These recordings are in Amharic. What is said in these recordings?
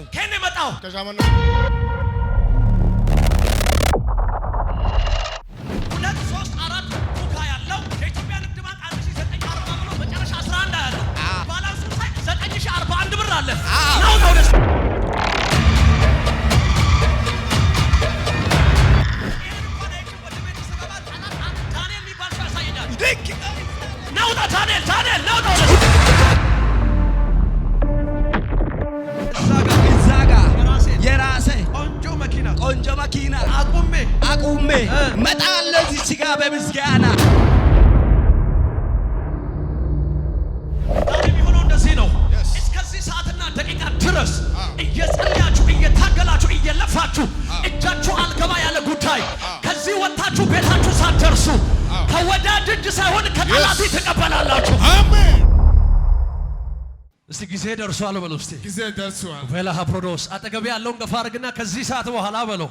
ነኝ። ከኔ መጣሁ መጣለ እዚች ጋ በምስጋና ነው። እስከዚህ ሰዓትና ደቂቃ ድረስ እየጸለያችሁ እየታገላችሁ እየለፋችሁ ah. እጃችሁ ያለ ጉዳይ ah. ከዚህ ቤታችሁ ሳትደርሱ ah. ሳይሆን ጊዜ ደርሷል በለው። እስቲ ጊዜ ደርሷል። ቬላ ሀፕሮዶስ ያለውን ገፋ አድርግና ከዚህ ሰዓት በኋላ በለው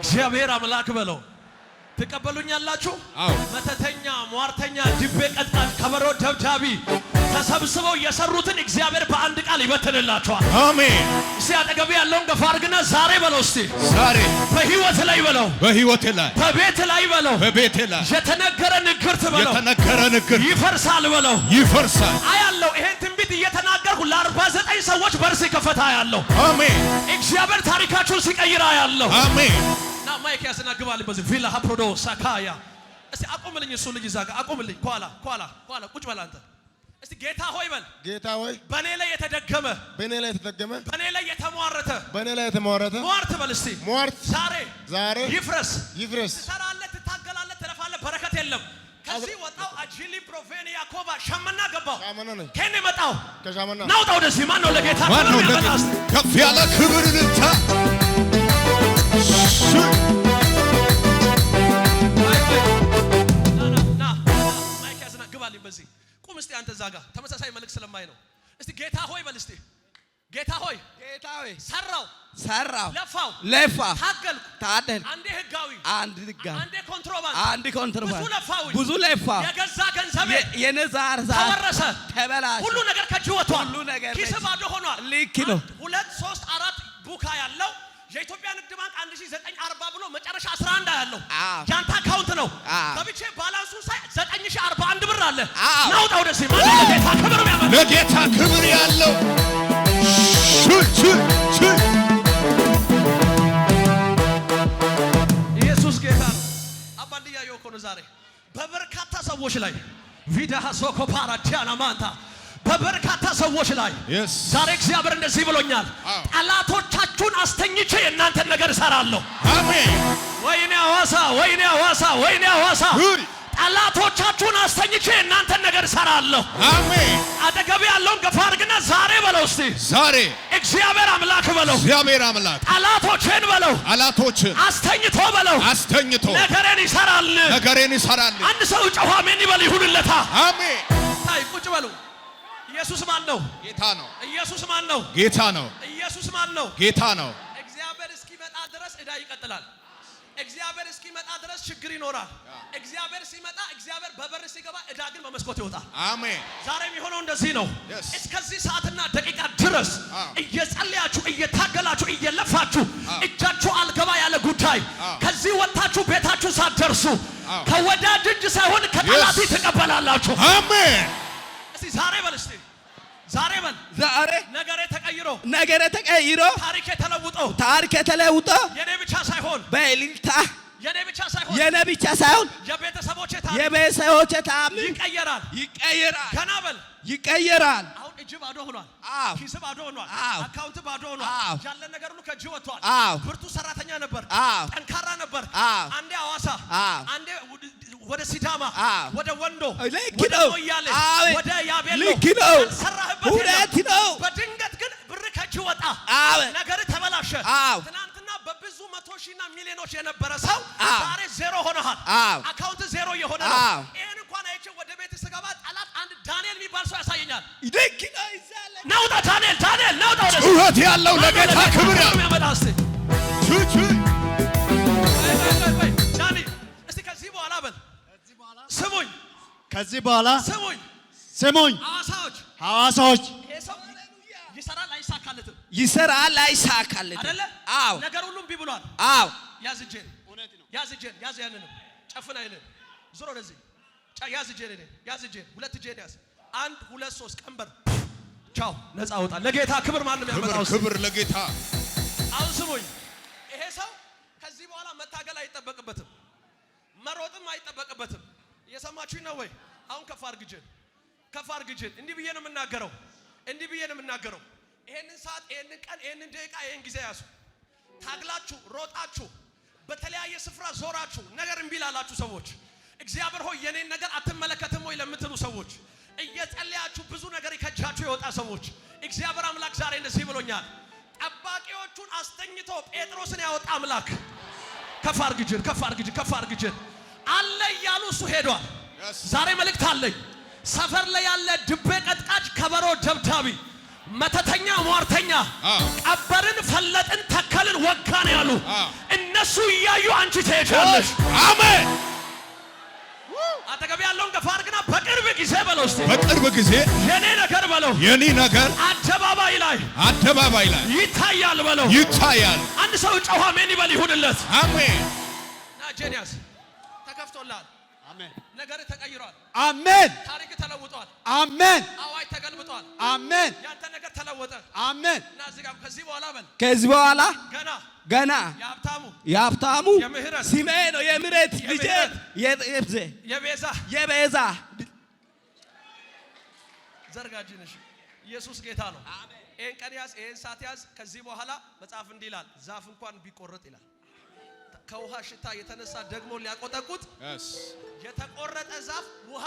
እግዚአብሔር አምላክ በለው። ትቀበሉኛላችሁ? መተተኛ፣ ሟርተኛ፣ ድቤ ቀጥቃጭ፣ ከበሮ ደብዳቢ ተሰብስበው የሰሩትን እግዚአብሔር በአንድ ቃል ይበትንላቸዋል። አሜን። እስቲ አጠገቤ ያለውን ገፋ አድርግና ዛሬ በለው። እስቲ ዛሬ በህይወት ላይ በለው፣ በህይወት ላይ፣ በቤት ላይ በለው፣ በቤት ላይ የተነገረ ንግርት በለው፣ የተነገረ ንግርት ይፈርሳል በለው፣ ይፈርሳል። አያለው ይሄን ትንቢት እየተናገ ለአርባ ዘጠኝ ሰዎች በርስ ከፈታ ያለው አሜን። እግዚአብሔር ታሪካችሁን ሲቀይራ ያለው አሜን። ና ማይክ ያዝና በዚህ ቪላ ሀፕሮዶ ሳካያ እስቲ አቁምልኝ። እሱ ልጅ እዛ ጋር አቁምልኝ። ኋላ ኋላ ኋላ ቁጭ በል አንተ። እስቲ ጌታ ሆይ በል ጌታ ሆይ በኔ ላይ የተደገመ በኔ ላይ የተደገመ በኔ ላይ የተሟረተ በኔ ላይ የተሟረተ ሟርት በል እስቲ ሟርት ዛሬ ዛሬ ይፍረስ ይፍረስ። ትሰራለህ፣ ትታገላለህ፣ ትለፋለህ፣ በረከት የለም ከዚህ ወጣው አጅሊ ፕሮፌን ያኮባ ሻመና ገባው። ከኔ መጣው ናውጣው ወደዚህ ማን ነው ለጌታ ከፍ ያለ ክብር ልታ ግባልኝ። በዚህ ቁም እስቲ አንተ እዛ ጋ ተመሳሳይ መልክ ስለማይ ነው። እስቲ ጌታ ሆይ በል እስቲ ጌታ ሆይ ጌታ ሆይ ሰራው ሰራው ለፋው ለፋ ታገልኩ ታደልኩ አንዴ ህጋዊ አንድ ህጋዊ አንዴ ኮንትሮባንድ አንድ ኮንትሮባንድ ብዙ ለፋው ብዙ ለፋ የገዛ ገንዘብ የነዛር ዛር ተወረሰ ተበላ ሁሉ ነገር ከእጅ ወጥቷል። ሁሉ ነገር ኪስ ባዶ ሆኗል። ልክ ነው። ሁለት ሶስት አራት ቡካ ያለው የኢትዮጵያ ንግድ ባንክ 1940 ብሎ መጨረሻ 11 ያለው ያንተ አካውንት ነው። ከብቼ ባላንሱ ሳይ 9041 ብር አለ። ለጌታ ክብር ያለው ለጌታ ክብር ያለው ኢየሱስ ጌታ ነው። አባድያ የኮነ ዛሬ በበርካታ ሰዎች ላይ ቪዳሃ ሶኮ ፓራዲያናማንታ በበርካታ ሰዎች ላይ ዛሬ እግዚአብሔር እንደዚህ ብሎኛል፣ ጠላቶቻችሁን አስተኝቼ የእናንተን ነገር እሰራለሁ። ወይኔ ሐዋሳ፣ ወይኔ ሐዋሳ፣ ወይኔ ሐዋሳ ወይኔ አዋሳ ወይኔ አዋሳ። ጠላቶቻችሁን አስተኝቼ እናንተን ነገር እሰራለሁ። አሜን። አጠገብ ያለውን ገፋ አድርግና ዛሬ በለው እስቲ ዛሬ እግዚአብሔር አምላክ በለው፣ እግዚአብሔር አምላክ ጠላቶቼን በለው፣ ጠላቶችን አስተኝቶ በለው፣ አስተኝቶ ነገሬን ይሰራል፣ ነገሬን ይሰራል። አንድ ሰው ጨዋ አሜን ይበል፣ ይሁንለታ። አሜን። ታይ ቁጭ በሉ። ኢየሱስ ማን ነው? ጌታ ነው። ኢየሱስ ማን ነው? ጌታ ነው። ኢየሱስ ማን ነው? ጌታ ነው። እግዚአብሔር እስኪመጣ ድረስ እዳ ይቀጥላል። እግዚአብሔር እስኪመጣ ድረስ ችግር ይኖራል። እግዚአብሔር ሲመጣ እግዚአብሔር በበር ሲገባ እዳ ግን በመስኮት ይወጣል። አሜን። ዛሬ የሚሆነው እንደዚህ ነው። እስከዚህ ሰዓትና ደቂቃ ድረስ ah. እየጸለያችሁ፣ እየታገላችሁ፣ እየለፋችሁ ah. እጃችሁ አልገባ ያለ ጉዳይ ah. ከዚህ ወጥታችሁ ቤታችሁ ሳትደርሱ ከወዳጅ እጅ ሳይሆን ከጠላት ትቀበላላችሁ። አሜን። እስቲ ዛሬ በል ዛሬ በል ዛሬ ነገሬ ተቀይሮ ነገሬ ተቀይሮ ታሪኬ ተለውጦ ታሪኬ ተለውጦ የኔ ብቻ ሳይሆን በእልልታ የኔ ብቻ ሳይሆን የኔ ብቻ ታሪክ ይቀየራል ይቀየራል ገና በል ይቀየራል። አሁን እጅ ባዶ ሆኗል። ኪስ ባዶ ሆኗል። አካውንት ባዶ ሆኗል። ያለ ነገር ሁሉ ከእጅ ወጥቷል። ብርቱ ሰራተኛ ነበር፣ ጠንካራ ነበር። አንዴ አዋሳ፣ አንዴ ወደ ሲዳማ፣ ወደ ወንዶ፣ ወደ ሞያሌ፣ ወደ ያቤሎ ልክ ነው። እውነት ነው። በድንገት ግን ብር ከእጅ ወጣ፣ ነገር ተበላሸ። ትናንትና በብዙ መቶ ሺህና ሚሊዮኖች የነበረ ሰው ዛሬ ዜሮ ሆነሃል። አካውንት ዜሮ የሆነ ነው። ይህን እንኳን አይቼ ወደ ቤት ስገባ ጠላት አንድ ዳንኤል የሚባል ሰው ያሳየኛል። ናውጣ ዳንኤል፣ ዳንኤል ናውጣ። ጩኸት ያለው ለጌታ ክብር ያመጣ ስሙኝ ከዚህ በኋላ ስሙኝ ስሙኝ ሐዋሳዎች ይሰራል አይሳካለትም። ይሰራል አይሳካለትም። አይደለ? አዎ። ነገር ሁሉም ቢብሏል። አዎ። ያዝ እጄን፣ ያዝ እጄን፣ ያዝ ያንንም ጨፍን አይልም። ዞር ወደዚህ ያዝ እጄን፣ ያዝ እጄን፣ ሁለት እጄን ያዝ። አንድ ሁለት ሶስት ቀንበር ቻው፣ ነፃ አውጣ። ለጌታ ክብር ማንም ያመጣው ክብር ለጌታ። አሁን ስሙኝ፣ ይሄ ሰው ከዚህ በኋላ መታገል አይጠበቅበትም፣ መሮጥም አይጠበቅበትም። እየሰማችሁኝ ነው ወይ? አሁን ከፍ አድርግ እጄን ከፍ አድርግ እጅን። እንዲህ ብዬ ነው የምናገረው፣ እንዲህ ብዬ ነው የምናገረው። ይሄንን ሰዓት፣ ይሄንን ቀን፣ ይሄንን ደቂቃ፣ ይሄን ጊዜ ያዙ። ታግላችሁ ሮጣችሁ በተለያየ ስፍራ ዞራችሁ ነገር እምቢ ላላችሁ ሰዎች እግዚአብሔር ሆይ የኔን ነገር አትመለከትም ወይ ለምትሉ ሰዎች እየጸለያችሁ ብዙ ነገር ይከጃችሁ የወጣ ሰዎች እግዚአብሔር አምላክ ዛሬ እንደዚህ ብሎኛል። ጠባቂዎቹን አስተኝቶ ጴጥሮስን ያወጣ አምላክ ከፋር አድርግ ከፋር ከፍ ከፋር እጅን፣ አለ እያሉ እሱ ሄዷል። ዛሬ መልእክት አለኝ። ሰፈር ላይ ያለ ድቤ ቀጥቃጭ፣ ከበሮ ደብዳቢ፣ መተተኛ፣ ሟርተኛ ቀበርን፣ ፈለጥን፣ ተከልን፣ ወጋን ያሉ እነሱ እያዩ አንቺ ትሄጃለሽ። አሜን። አጠገብ ያለውን ገፋ አድርግና በቅርብ ጊዜ በለው እስቲ፣ በቅርብ ጊዜ የኔ ነገር በለው፣ የኔ ነገር አደባባይ ላይ አደባባይ ላይ ይታያል በለው፣ ይታያል። አንድ ሰው ጨዋ ሜን ይበል ይሁንለት። አሜን። ናጄንያስ ተከፍቶልሃል። ነገር ተቀይሯል። አሜን። ታሪክ ተለውጧል። አሜን። አዋጅ ተገልብጧል። አሜን። ያንተ ነገር ተለወጠ። አሜን። እና እዚህ ጋር ከዚህ በኋላ በል ከዚህ በኋላ ገና ገና የሀብታሙ ስሜ ነው የምሕረት ልጄ የቤዛ የቤዛ ኢየሱስ ጌታ ነው። ይህን ቀን ያዝ፣ ይህን ሰዓት ያዝ። ከዚህ በኋላ መጽሐፍ እንዲህ ይላል፣ ዛፍ እንኳን ቢቆረጥ ይላል ከውሃ ሽታ የተነሳ ደግሞ ሊያቆጠቁጥ የተቆረጠ ዛፍ ውሃ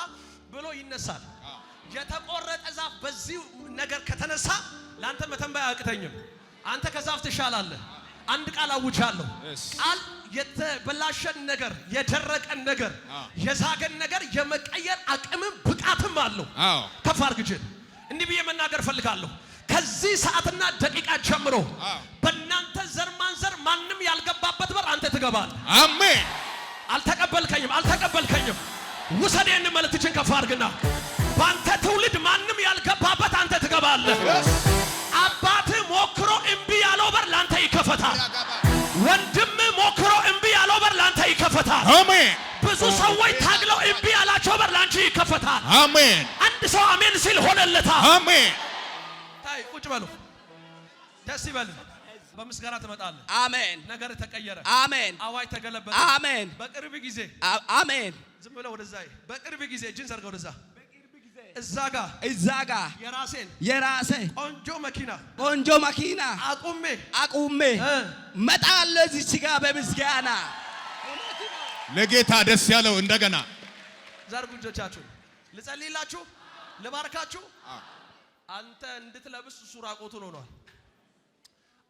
ብሎ ይነሳል። ah. የተቆረጠ ዛፍ በዚህ ነገር ከተነሳ ለአንተ መተንበይ አያቅተኝም። አንተ ከዛፍ ትሻላለህ። አንድ ቃል አውቻለሁ። ቃል የተበላሸን ነገር፣ የደረቀን ነገር፣ ah. የዛገን ነገር የመቀየር አቅምም ብቃትም አለው። ah. ከፍ አድርግጅን እንዲህ ብዬ መናገር እፈልጋለሁ። ከዚህ ሰዓትና ደቂቃ ጀምሮ ይገባል። አሜን። አልተቀበልከኝም፣ አልተቀበልከኝም። ውሰዴን መልእክትችን ከፍ አድርግና በአንተ ትውልድ ማንም ያልገባበት አንተ ትገባለህ። አባት ሞክሮ እምቢ ያለው በር ለአንተ ይከፈታል። ወንድም ሞክሮ እምቢ ያለው በር ለአንተ ይከፈታል። አሜን። ብዙ ሰዎች ታግለው እምቢ ያላቸው በር ለአንቺ ይከፈታል። አሜን። አንድ ሰው አሜን ሲል ሆነለታ። አሜን። ታይ ቁጭ በሉ፣ ደስ ይበሉ። በምስጋና ትመጣለህ። አሜን። ነገር ተቀየረ። አሜን። አዋጅ ተገለበጠ። አሜን። በቅርብ ጊዜ አሜን። ዝም ብለህ ወደዛ በቅርብ ጊዜ እጅን ዘርጋ ወደዛ እዛ ጋ እዛ ጋ የራሴን የራሴ ቆንጆ መኪና ቆንጆ መኪና አቁሜ አቁሜ መጣለሁ እዚች ጋ በምስጋና ለጌታ ደስ ያለው እንደገና ዘርጉ እጆቻችሁ ልጸልይላችሁ ልባርካችሁ አንተ እንድትለብስ እሱ ራቁቱን ሆኗል።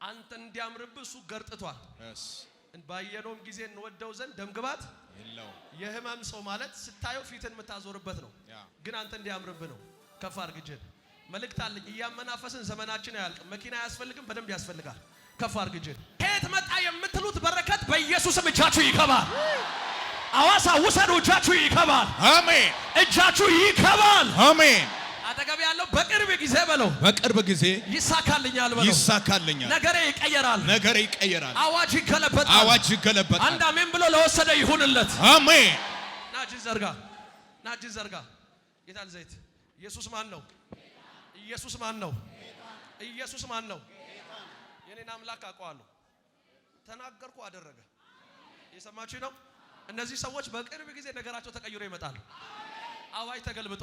አንተ እንዲያምርብ እሱ ገርጥቷል። ባየነውም ጊዜ እንወደው ዘንድ ደምግባት የለውም። የህመም ሰው ማለት ስታየው ፊትን የምታዞርበት ነው፣ ግን አንተ እንዲያምርብ ነው። ከፍ አድርግ መልእክት አለኝ። እያመናፈስን ዘመናችን አያልቅም። መኪና አያስፈልግም፣ በደንብ ያስፈልጋል። ከፍ አድርግ ከየት መጣ የምትሉት በረከት በኢየሱስም እጃችሁ ይገባል። አዋሳ ውሰዱ፣ እጃችሁ ይገባል። አሜን። እጃችሁ ይገባል። አሜን። አጠገብ ያለው በቅርብ ጊዜ በለው፣ በቅርብ ጊዜ ይሳካልኛል በለው፣ ይሳካልኛል። ነገሬ ይቀየራል፣ ነገሬ ይቀየራል። አዋጅ ይገለበጣል፣ አዋጅ ይገለበጣል። አንድ አሜን ብሎ ለወሰደ ይሁንለት። አሜን። ና ዘርጋ፣ ና እጅን ዘርጋ። ጌታን ዘይት ኢየሱስ ማን ነው? ኢየሱስ ማን ነው? ኢየሱስ ማን ነው? የኔን አምላክ አውቀዋለሁ። ተናገርኩ፣ አደረገ። የሰማችሁ ነው። እነዚህ ሰዎች በቅርብ ጊዜ ነገራቸው ተቀይሮ ይመጣል። አዋጅ ተገልብጦ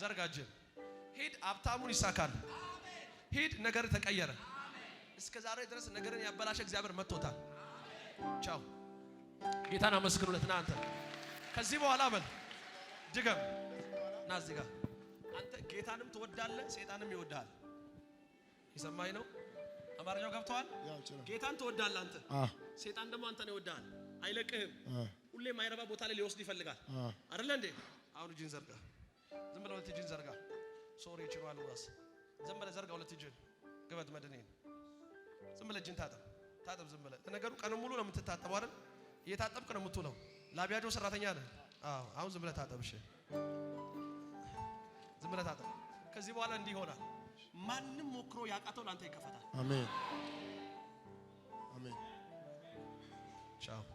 ዘርጋጅን ሂድ፣ ሀብታሙን ይሳካል። ሂድ፣ ነገር ተቀየረ። እስከ ዛሬ ድረስ ነገርን ያበላሸ እግዚአብሔር መጥቶታል። ቻው፣ ጌታን አመስግኑለት። ና አንተ ከዚህ በኋላ በል ድገም። ና እዚህ ጋር አንተ ጌታንም ትወዳለህ፣ ሴጣንም ይወዳል። ይሰማኝ ነው አማርኛው ገብተዋል። ጌታን ትወዳለህ አንተ፣ ሰይጣን ደግሞ አንተን ይወዳል፣ አይለቅህም። ሁሌ ማይረባ ቦታ ላይ ሊወስድ ይፈልጋል። አይደለ እንዴ? አሁን እጅን ዘርጋ። ሁለት እጅን ዘርጋ። ሶሪ ችሏል ውረስ ዝም ብለህ ዘርጋ። ሁለት እጅን ግበት መድን ዝም ብለህ እጅን ታጠብ ታጠብ። ዝም ብለህ ለነገሩ ቀን ሙሉ ነው የምትታጠበው አይደል? እየታጠብክ ነው የምትውለው። ላቢያጆ ሰራተኛ ነህ። አዎ፣ አሁን ዝም ብለህ ታጠብ። እሺ፣ ዝም ብለህ ታጠብ። ከዚህ በኋላ እንዲህ ይሆናል። ማንም ሞክሮ ያቃተው ለአንተ ይከፈታል። አሜን፣ አሜን። ቻው